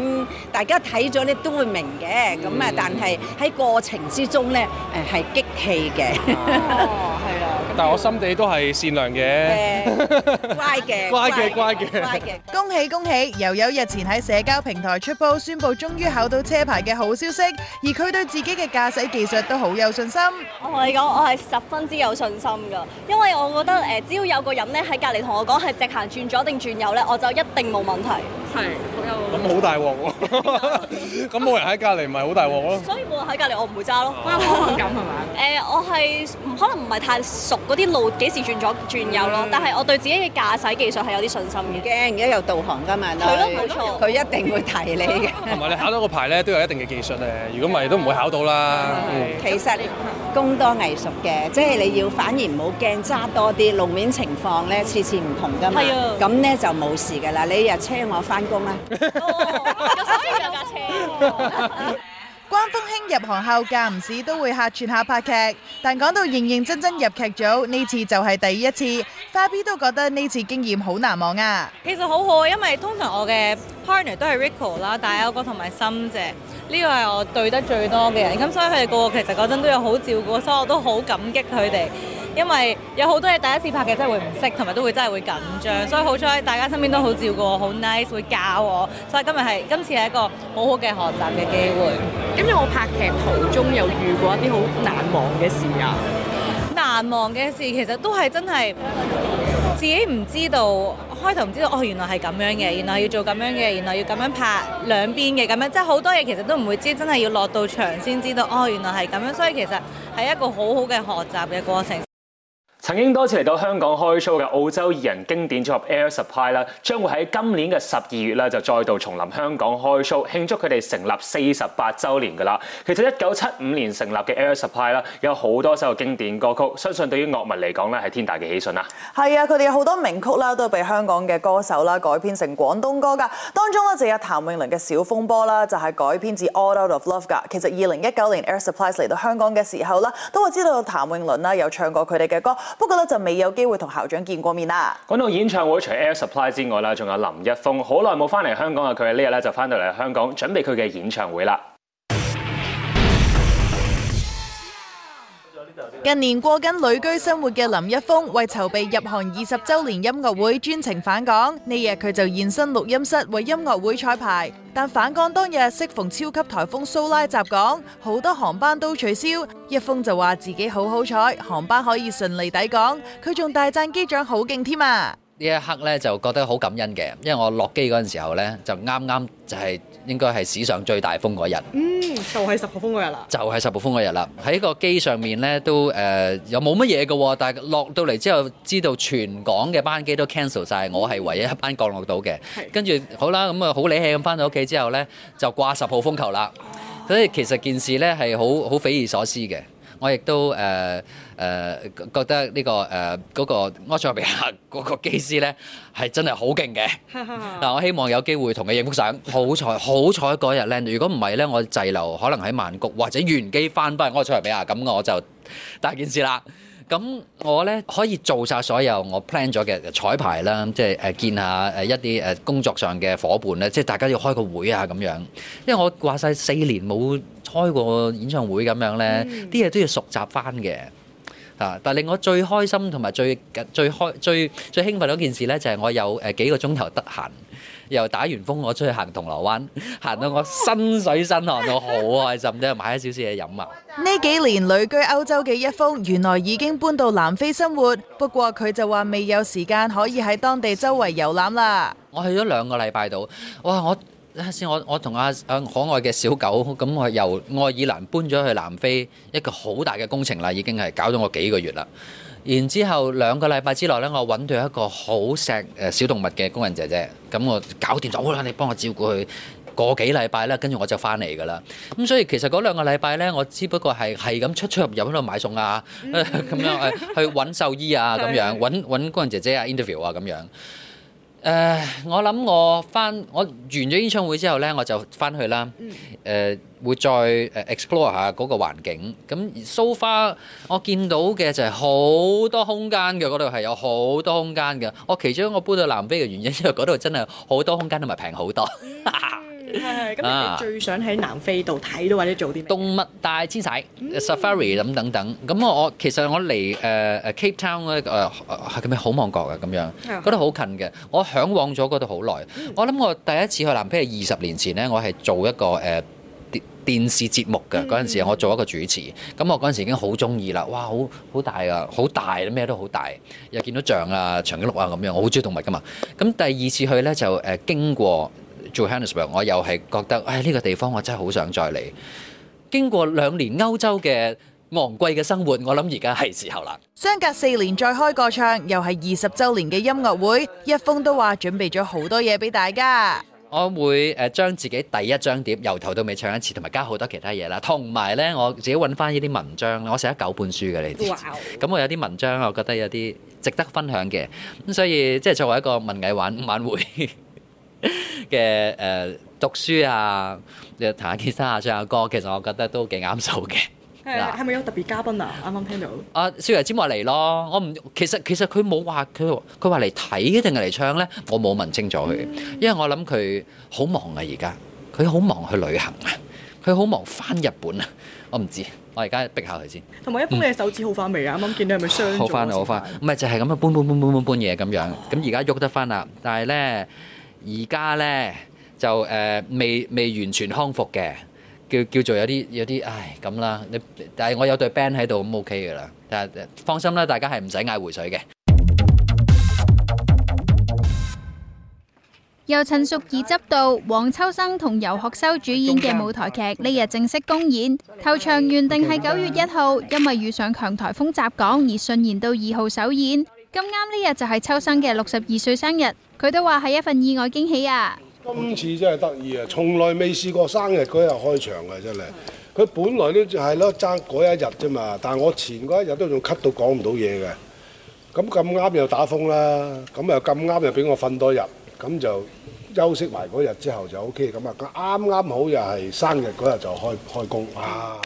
大家睇咗咧都會明嘅。咁啊，但係喺過程之中咧誒係激氣嘅。哦，係啦。但係我心地都係善良嘅。乖嘅，乖嘅，乖嘅，乖嘅！恭喜恭喜！悠悠日前喺社交平台出報，宣布終於考到車牌嘅好消息，而佢對自己嘅駕駛技術都好有信心。我同你講，我係十分之有信心㗎，因為我覺得誒，只要有個人咧喺隔離同我講係直行轉左定轉右咧，我就一定冇問題。係，好有咁好大鑊喎！咁冇人喺隔離唔係好大鑊咯。所以冇人喺隔離，我唔會揸咯。啱唔啱咁係嘛？誒，我係唔可能唔係太熟嗰啲路幾時轉左轉右咯，但係我對自己嘅駕駛技術係有啲信心嘅，驚而家有導航㗎嘛。係咯，冇錯，佢一定會提你嘅。同埋 你考到個牌咧，都有一定嘅技術咧，如果唔係都唔會考到啦， 其實工多藝熟嘅，即係你要反而唔好驚，揸多啲，路面情況咧，次次唔同㗎嘛。係， 咁咧就冇事㗎啦。你日車我翻工啊？有架車，有架車。 關風興入行後，間唔時都會客串下拍劇，但講到認認真真入劇組，呢次就係第一次。花 B 都覺得呢次經驗好難忘啊！其實好好啊，因為通常我嘅 partner 都係 Rico 啦、大家哥同埋心姐，呢個係我對得最多嘅人，咁所以佢哋個個其實嗰陣都有好照顧，所以我都好感激佢哋。因為有好多嘢第一次拍嘅真係會唔識，同埋都會真係會緊張，所以好彩大家身邊都好照顧我，好 nice 會教我，所以今日係今次係一個好好嘅學習嘅機會。因為我拍劇途中又遇過一啲好難忘嘅事啊！難忘嘅事其實都係真係自己唔知道，開頭唔知道哦，原來係咁樣嘅，原來要做咁樣嘅，原來要咁樣拍兩邊嘅咁樣，即係好多嘢其實都唔會知，真係要落到場先知道哦，原來係咁樣，所以其實係一個好好嘅學習嘅過程。曾經多次嚟到香港開 show 嘅澳洲二人經典組合 Air Supply 啦，將會喺今年嘅十二月咧就再度重臨香港開 show，慶祝佢哋成立四十八週年噶啦。其實一九七五年成立嘅 Air Supply 啦，有好多首經典歌曲，相信對於樂迷嚟講咧係天大嘅喜訊啦。係啊，佢哋有好多名曲啦，都係被香港嘅歌手啦改編成廣東歌噶。當中咧就有譚詠麟嘅《小風波》啦，就係改編自 All Out Of Love 噶。其實二零一九年 Air Supply 嚟到香港嘅時候啦，都會知道譚詠麟啦有唱過佢哋嘅歌。不過咧就未有機會同校長見過面啦。講到演唱會，除了 Air Supply 之外啦，仲有林一峰，好耐冇翻嚟香港啊！佢呢日咧就翻到嚟香港，準備佢嘅演唱會啦。近年過緊旅居生活嘅林一峰，為籌備入行二十周年音樂會，專程返港。呢日佢就現身錄音室為音樂會彩排。但返港當日，適逢超級台風蘇拉襲港，好多航班都取消。一峰就話自己好好彩，航班可以順利抵港。佢仲大讚機長好勁添啊！呢一刻咧就覺得好感恩嘅，因為我落機嗰陣時候咧就啱啱就係、是、應該係史上最大風嗰日。嗯，就係、是、十號風嗰日啦。就係十號風嗰日啦，喺個機上面咧都誒、呃、又冇乜嘢嘅，但係落到嚟之後知道全港嘅班機都 cancel 曬，我係唯一一班降落是、嗯、到嘅。跟住好啦，咁啊好理氣咁返到屋企之後咧就掛十號風球啦。啊、所以其實件事咧係好好匪夷所思嘅。我亦都誒。呃誒、呃、覺得呢、這個誒嗰、呃那個埃塞比亞嗰個機師咧係真係好勁嘅。嗱、 呃，我希望有機會同佢影幅相。好彩好彩嗰日咧，如果唔係咧，我滯留可能喺曼谷或者原機翻翻埃塞比亞，咁我就大件事啦。咁我咧可以做晒所有我 plan 咗嘅彩排啦，即係誒見一下誒一啲誒工作上嘅伙伴咧，即係大家要開個會啊咁樣。因為我話晒四年冇開過演唱會咁樣咧，啲嘢、嗯、都要熟習翻嘅。啊、但令我最開心同埋最最開、最最興奮嗰件事呢，就係、是、我有誒幾個鐘頭得閒，又打完風，我出去行銅鑼灣，行到我身水身汗，我好開心，即係 買咗少少嘢飲啊！呢幾年旅居歐洲嘅一封，原來已經搬到南非生活，不過佢就話未有時間可以喺當地周圍遊覽啦。我去咗兩個禮拜度，哇！我～先，我我同阿阿可愛嘅小狗咁，我由愛爾蘭搬咗去南非，一個好大嘅工程啦，已經係搞咗我幾個月啦。然之後兩個禮拜之內咧，我揾到一個好錫誒小動物嘅工人姐姐，咁我搞掂咗好啦，你幫我照顧佢過幾禮拜啦，跟住我就翻嚟噶啦。咁所以其實嗰兩個禮拜咧，我只不過係係咁出出入入喺度買餸啊，咁、嗯、 樣去揾獸醫啊，咁樣揾工人姐姐啊，interview 啊，咁樣。誒、uh，我諗我翻我完咗演唱會之後呢，我就翻去啦。誒、呃，會再 explore 下嗰個環境。咁 so far，我見到嘅就係好多空間嘅，嗰度係有好多空間嘅。我其中我搬到南非嘅原因，就係，因為嗰度真係好多空間同埋平好多。 咁你哋最想喺南非度睇到或者做啲咩？動物大、大遷徙、safari 咁等等。咁我其實我嚟誒誒 Cape Town 咧誒係咁樣好望角啊咁樣，嗰度好近嘅。我向往咗嗰度好耐。我諗我第一次去南非係二十年前咧，我係做一個誒、啊、電，電視節目嘅嗰陣時，我做一個主持。咁我嗰陣時已經好中意啦，哇，好好大啊，好大，咩都好大。又見到象啊、長頸鹿啊咁樣，我好中意動物噶嘛、嗯。咁第二次去咧就誒、uh, 經過。做 Hannover，我又係覺得，唉，呢個地方我真係好想再嚟。經過兩年歐洲嘅昂貴嘅生活，我諗而家係時候啦。相隔四年再開個唱，又係二十週年嘅音樂會，一峰都話準備咗好多嘢俾大家。我會誒將自己第一張碟由頭到尾唱一次，同埋加好多其他嘢啦。同埋呢，我自己揾翻呢啲文章啦。我寫咗九本書嘅你知，咁我有啲文章，我覺得有啲值得分享嘅。咁所以即係作為一個文藝晚晚會嘅 誒、呃、讀書啊，又彈下結他啊，唱下歌，其實我覺得都幾啱手嘅。嗱，係咪有特別嘉賓啊？啱啱聽到。 啊，少爺占話嚟咯。我唔，其實其實佢冇話佢，佢話嚟睇定係嚟唱咧。我冇問清楚佢因為我諗佢好忙啊。而家佢好忙去旅行啊，佢好忙翻日本啊。我唔知，我而家逼下佢先。同埋一般你嘅手指好翻未啊？啱啱見到係咪傷咗？ 好翻好翻，唔係 就係咁樣搬搬搬搬搬搬嘢咁樣。咁而家喐得翻啦，但係咧。而家呢就誒、呃、未未完全康復嘅，叫叫做有啲有啲唉咁啦。你但係我有對 band 喺度，咁 OK 噶啦。但係放心啦，大家係唔使嗌回水嘅。由陳淑儀執導、黃秋生同游學修主演嘅舞台劇，呢日家正式公演。頭家場原定係九月一號，家家因為遇上強颱風襲港而順延到二號首演。咁啱呢日就係秋生嘅六十二歲生日，佢都話係一份意外驚喜啊！今次真係得意啊，從來未試過生日嗰日開場嘅真係。佢本來呢就係咯爭嗰一日啫嘛，但係我前嗰一日都仲咳到講唔到嘢嘅。咁咁啱又打風啦，咁又咁啱又俾我瞓多日，咁就休息埋嗰日之後就 OK 咁啊。佢啱啱好又係生日嗰日就開開工啊！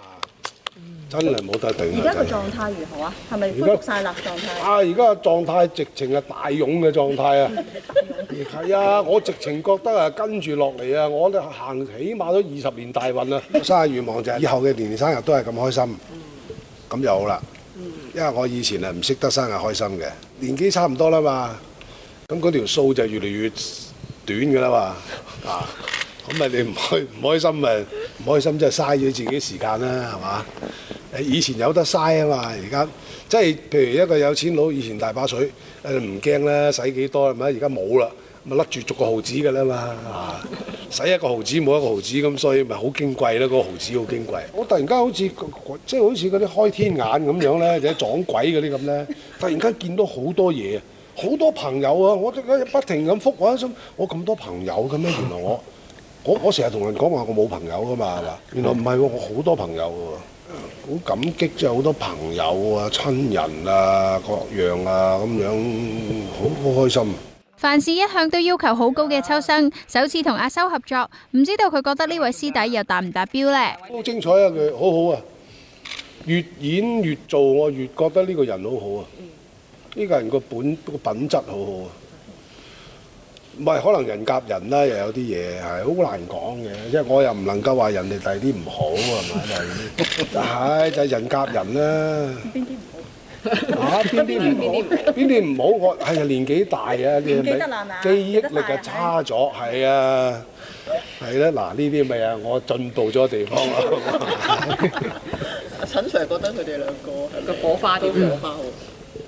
真係冇得頂啊！而家個狀態如何啊？係咪恢復晒啦？狀態啊！而家個狀態直情係大湧嘅狀態啊！係啊！我直情覺得啊，跟住落嚟啊，我哋行起碼都二十年大運啊！ 生日願望就係以後嘅年年生日都係咁開心，咁、嗯、就好啦。嗯、因為我以前係唔識得生日開心嘅，年紀差唔多啦嘛，咁嗰條數就越嚟越短㗎啦嘛啊！ 咁咪你唔開唔開心咪唔開心，即係嘥咗自己時間啦，係嘛？誒以前有得嘥啊嘛，而家即係譬如一個有錢佬，以前大把水，誒唔驚啦，使幾多係咪？而家冇啦，咁咪甩住逐個毫子嘅啦嘛，啊！使一個毫子冇一個毫子咁，所以咪好矜貴咯，嗰個毫子好矜貴。我突然間好似即係好似嗰啲開天眼咁樣咧， 或者撞鬼嗰啲咁咧，突然間見到好多嘢，好多朋友啊！我不停咁覆，我心我咁多朋友嘅咩？原來我～我我成日同人講話我冇朋友噶嘛，係嘛？原來唔係喎，我好多朋友喎，好感激即係好多朋友啊、親人啊、各樣啊咁樣，好好開心。凡事一向都要求好高嘅秋生，首次同阿修合作，唔知道佢覺得呢位師弟又達唔達標呢？好精彩啊！佢好好啊，越演越做，我越覺得呢個人好好啊，呢、呢個人個本個品質好好啊。唔係可能人夾人啦，又有啲嘢係好難講嘅，因為我又唔能夠話人哋第啲唔好係咪？係 就係、係、人夾人啦。邊啲唔好？啊，邊啲唔好？邊啲唔好？我係、哎、年紀大啊，啊你係咪記憶力啊差咗，係啊，係啦，嗱呢啲咪啊， 啊我進步咗地方咯、啊。阿、 啊、陳 Sir 覺得佢哋兩個個火花都火花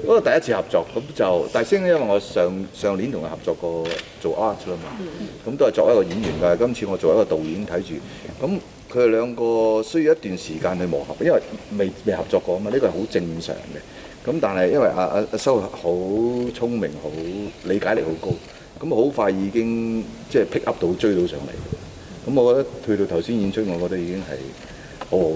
不過第一次合作，咁就大聲，因為我上上年同佢合作過做 art 啦嘛，咁都係作一個演員㗎。但今次我作一個導演睇住，咁佢哋兩個需要一段時間去磨合，因為未未合作過啊嘛，呢個係好正常嘅。咁但係因為阿阿阿修好聰明好，好理解力好高，咁好快已經即係、就是、pick up 到追到上嚟。咁我覺得去到頭先演出，我覺得已經係好好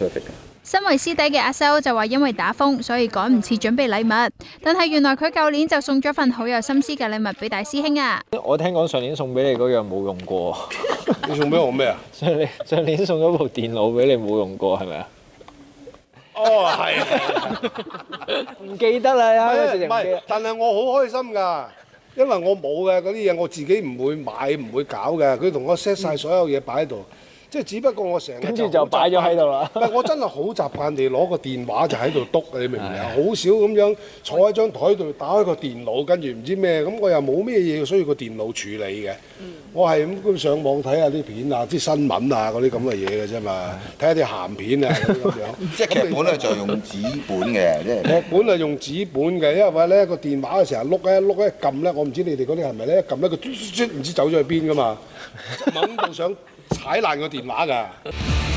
perfect。身為師弟嘅阿修就話因為打風，所以趕唔切準備禮物。但係原來佢舊年就送咗份好有心思嘅禮物俾大師兄啊！我聽講上年送俾你嗰樣冇用過，你送俾我咩啊？上年上年送咗部電腦俾你冇用過係咪啊？哦係，唔記得啦，阿修。唔係，但係我好開心㗎，因為我冇嘅嗰啲嘢，我自己唔會買，唔會搞嘅。佢同我 set 晒所有嘢擺喺度。即係只不過我成日跟住就擺咗喺度啦。我真係好習慣地攞個電話就喺度篤，你明唔明啊？好少咁樣坐喺張台度打開個電腦，跟住唔知咩咁，我又冇咩嘢需要個電腦處理嘅。我係咁上網睇下啲片啊、啲新聞啊嗰啲咁嘅嘢嘅啫嘛。睇下啲鹹片啊咁樣。即係劇本咧就用紙本嘅。劇本係用紙本嘅，因為咧個電話成日碌一碌一撳咧，我唔知你哋嗰啲係咪咧撳咧，佢唔知走咗去邊噶嘛，咁到想～踩爛個電話㗎。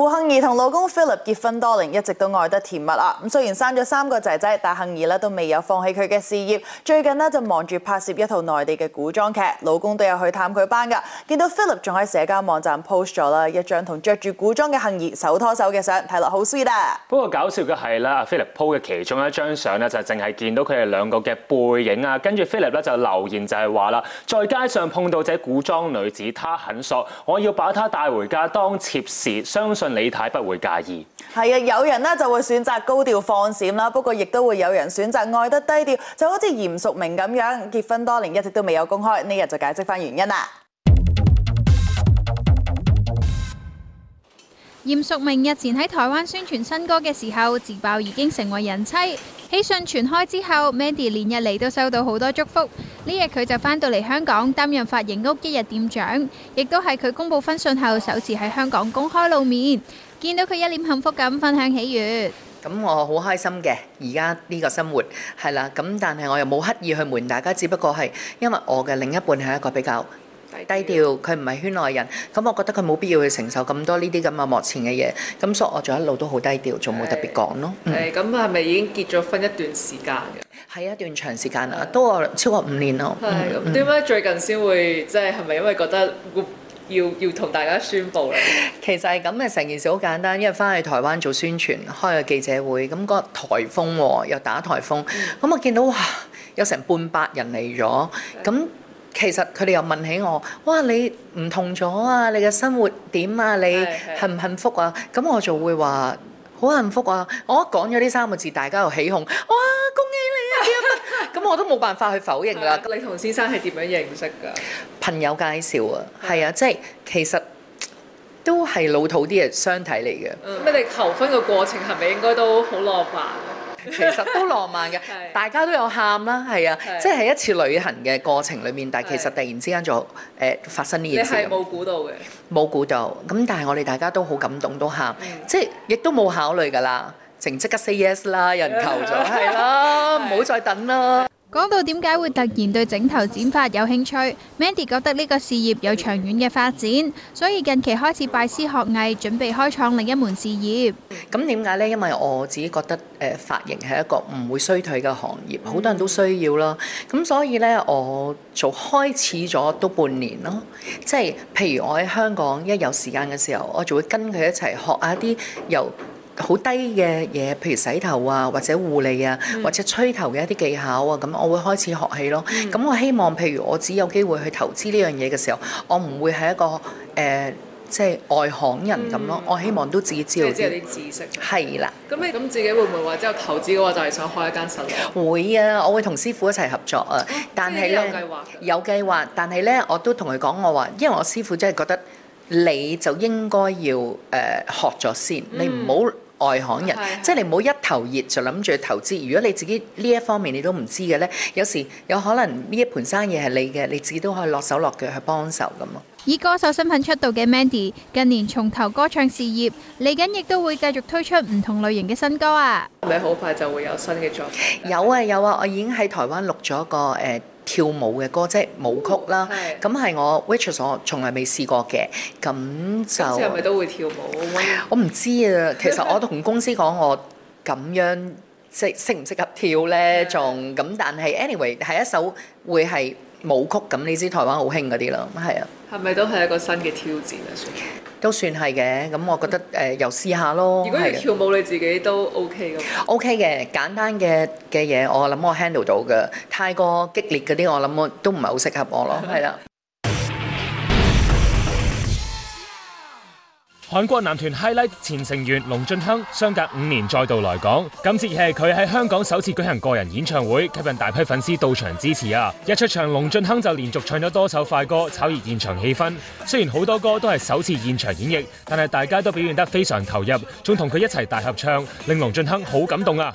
胡杏兒同老公 Philip 結婚多年，一直都愛得甜蜜啊！咁雖然生咗三個仔仔，但杏兒咧都未有放棄佢嘅事業。最近咧就忙住拍攝一套內地嘅古裝劇，老公都有去探佢班噶。見到 Philip 仲喺社交網站 post 咗啦一張同着住古裝嘅杏兒手拖手嘅相，睇落好 sweet 啊。不過搞笑嘅係啦，Philip po 嘅其中一張相咧就淨係見到佢哋兩個嘅背影啊！跟住 Philip 咧就留言就係話啦，在街上碰到這古裝女子，她很傻，我要把她帶回家當妾侍，相信，李太不會介意。係啊，有人呢就會選擇高調放閃啦，不過亦都會有人選擇愛得低調，就好似嚴淑明咁樣結婚多年一直都未有公開，呢日就解釋返原因啦。嚴淑明日前喺台灣宣傳新歌嘅時候，自爆已經成為人妻。喜訊傳開之後，Mandy 連日嚟，都收到好多祝福。呢日佢就返到嚟香港擔任髮型屋一日店長，亦都係佢公佈婚訊後首次喺香港公開露面。見到佢一臉幸福咁分享喜悅。咁我好開心嘅，而家呢個生活係啦，咁但係我又冇刻意去瞞大家，只不過係因為我嘅另一半係一個比較。低調，佢唔係圈內人，咁我覺得佢冇必要去承受咁多呢啲咁嘅幕前嘅嘢，咁所以我做一路都好低調，仲冇特別講咯。誒、嗯，咁係咪已經結咗婚一段時間嘅？係一段長時間啊，都我是超過五年咯。係點解最近先會即係係咪因為覺得要要同大家宣布咧？其實係咁嘅，成件事好簡單，因為返去台灣做宣傳，開個記者會，咁個颱風喎，又打颱風，咁是我見到哇，有成半百人嚟咗，咁是。那 其實佢哋又問起我，哇！你唔同咗啊？你嘅生活點啊？你幸唔幸福啊？咁我就會話好幸福啊！我一講咗呢三個字，大家又起哄：「哇！恭喜你啊！咁 我都冇辦法去否認啦。你同先生係點樣認識噶？朋友介紹啊，係啊的，即係其實都係老土啲嘅相睇嚟嘅。咁、嗯、你求婚嘅過程係咪應該都好浪漫？ 其實都浪漫嘅，是大家都有喊啦，係啊，是即係一次旅行嘅過程裏面，是但係其實突然之間就誒、呃、發生呢件事，你係冇估到嘅，冇估到。咁但係我哋大家都好感動，都喊， 即係亦都冇考慮㗎啦，成即刻 say yes 啦，人求咗，係啦，唔好再等啦。 是 講到點解會突然對整頭剪發有興趣，Mandy 覺得呢個事業有長遠嘅發展，所以近期開始拜師學藝，準備開創另一門事業。咁點解呢？因為我自己覺得，誒髮型係一個唔會衰退嘅行業，好多人都需要啦。咁所以呢，我做開始咗都半年咯，即係譬如我喺香港一有時間嘅時候，我就會跟佢一齊學下啲由。好低嘅嘢，譬如洗頭啊，或者護理啊，或者吹頭嘅一啲技巧啊，咁我會開始學起咯。咁我希望，譬如我只有機會去投資呢樣嘢嘅時候，我唔會係一個誒即係外行人咁咯。我希望都自己知道啲。即係你知識。係啦。咁你咁自己會唔會話，即係投資嘅話，就係想開一間手業？會啊，我會同師傅一齊合作啊。但係咧，有計劃。有計劃，但係咧，我都同佢講，我話，因為我師傅真係覺得你就應該要誒學咗先，你唔好，外行人，的即係你唔好一頭熱就諗住投資。如果你自己呢一方面你都唔知嘅呢，有時有可能呢一盤生意係你嘅，你自己都可以落手落腳去幫手咁咯。以歌手身份出道嘅 Mandy 近年重頭歌唱事業，嚟緊亦都會繼續推出唔同類型嘅新歌啊！你好快就會有新嘅作品？有啊有啊，我已經喺台灣錄咗個誒。呃跳舞嘅歌即舞曲啦，咁係我 which is 從來未試過嘅，咁就即係咪都會跳舞。我唔知啊，其實我同公司講我咁樣即適唔適合跳呢，仲咁，但係 anyway 係一首會係。舞曲咁，你知台灣好興嗰啲咯，係啊。係咪都係一個新嘅挑戰啊？算都算係嘅，咁我覺得誒、 呃、又試下咯。如果要跳舞，你自己都 OK 噶嗎？OK 嘅，簡單嘅嘅嘢我諗我 handle 到嘅，太過激烈嗰啲我諗我都唔係好適合我咯，係啦。 韓國男團 Highlight 前成員龍俊亨相隔五年再度來港，今次亦係佢喺香港首次舉行個人演唱會，吸引大批粉絲到場支持啊！一出場，龍俊亨就連續唱咗多首快歌，炒熱現場氣氛。雖然好多歌都係首次現場演繹，但係大家都表現得非常投入，仲同佢一齊大合唱，令龍俊亨好感動啊！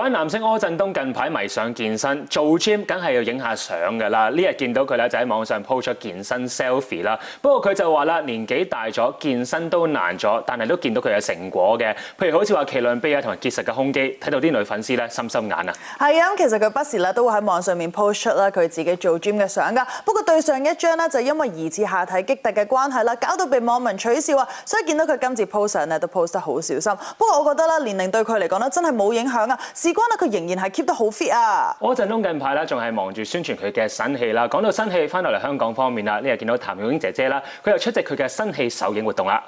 位男性柯震東近排迷上健身，做 gym 梗係要影下相噶啦。呢日見到佢咧就喺網上 po 出健身 selfie 啦。不過佢就話啦，年紀大咗健身都難咗，但係都見到佢嘅成果嘅。譬如好似話麒麟臂啊，同埋結實嘅胸肌，睇到啲女粉絲咧心心眼啊。係啊，其實佢不時咧都會喺網上面 post 出啦佢自己做 gym 嘅相噶。不過對上一張呢，就是、因為疑似下體激突嘅關係啦，搞到被網民取笑啊。所以見到佢今次 post 相咧都 post 得好小心。不過我覺得啦，年齡對佢嚟講咧真係冇影響啊。光咧，佢仍然係 keep 得好 fit 啊！柯震東近排咧，仲係忙住宣傳佢嘅新戲啦。講到新戲，翻到嚟香港方面啦，呢日見到譚玉瑛姐姐啦，佢又出席佢嘅新戲首映活動啦。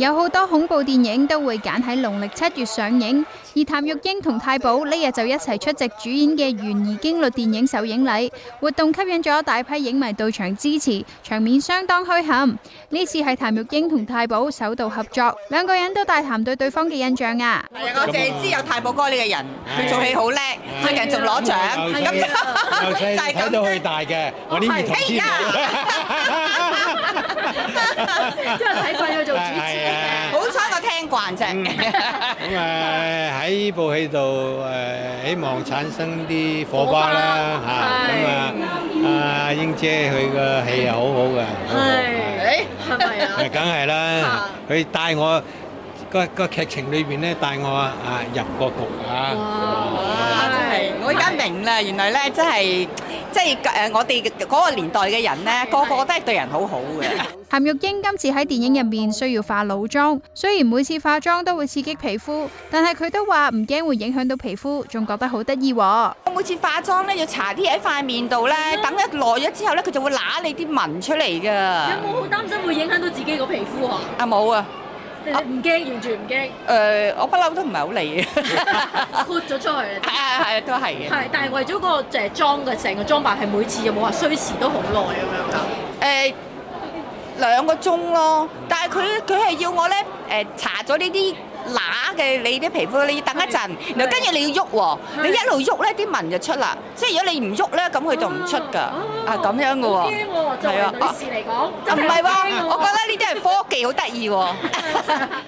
有好多恐怖電影都會揀喺農曆七月上映，而譚玉英同太保呢日就一齊出席主演嘅《懸疑驚慄》電影首映禮活動，吸引咗大批影迷到場支持，場面相當墟冚。呢次係譚玉英同太保首度合作，兩個人都大談對對方嘅印象啊！我淨係知有太保哥呢個人，佢做戲好叻，的最近仲攞獎。咁就係咁。的 真係喺度做主持嘅，好彩我聽慣啫。咁誒喺呢部戲度誒，希望產生啲火花啦嚇。咁啊啊英姐佢個戲又好好嘅。係，係啊，梗係啦，佢帶我個個劇情裏邊咧帶我啊入個局啊。哇！真係，我依家明啦，原來咧真係。即係誒、呃，我哋嗰個年代嘅人呢，個個都係對人好好嘅。譚 玉英今次喺電影入面需要化老妝，雖然每次化妝都會刺激皮膚，但係佢都話唔驚會影響到皮膚，仲覺得好得意喎。我每次化妝呢，要搽啲喺塊面度呢，等一耐咗之後呢，佢就會揦你啲紋出嚟㗎。有冇好擔心會影響到自己個皮膚啊？啊冇啊。唔驚，啊，完全唔驚。誒、呃，我不嬲都唔係好理 啊。豁咗出去。係啊，係啊，都係嘅。係，但係為咗嗰、嗰個誒裝嘅成個裝扮，係每次有冇話需時都好耐咁樣㗎？誒、呃，兩個鐘咯。但係佢佢係要我咧誒、呃、查咗呢啲。乸嘅你啲皮膚，你要等一陣，是然後跟住你要喐喎、喔，是你一路喐咧，啲紋就出啦。即係如果你唔喐咧，咁佢就唔出㗎。啊，咁樣嘅喎，係啊，對女士嚟講，就唔係喎，我覺得呢啲係科技好得意喎。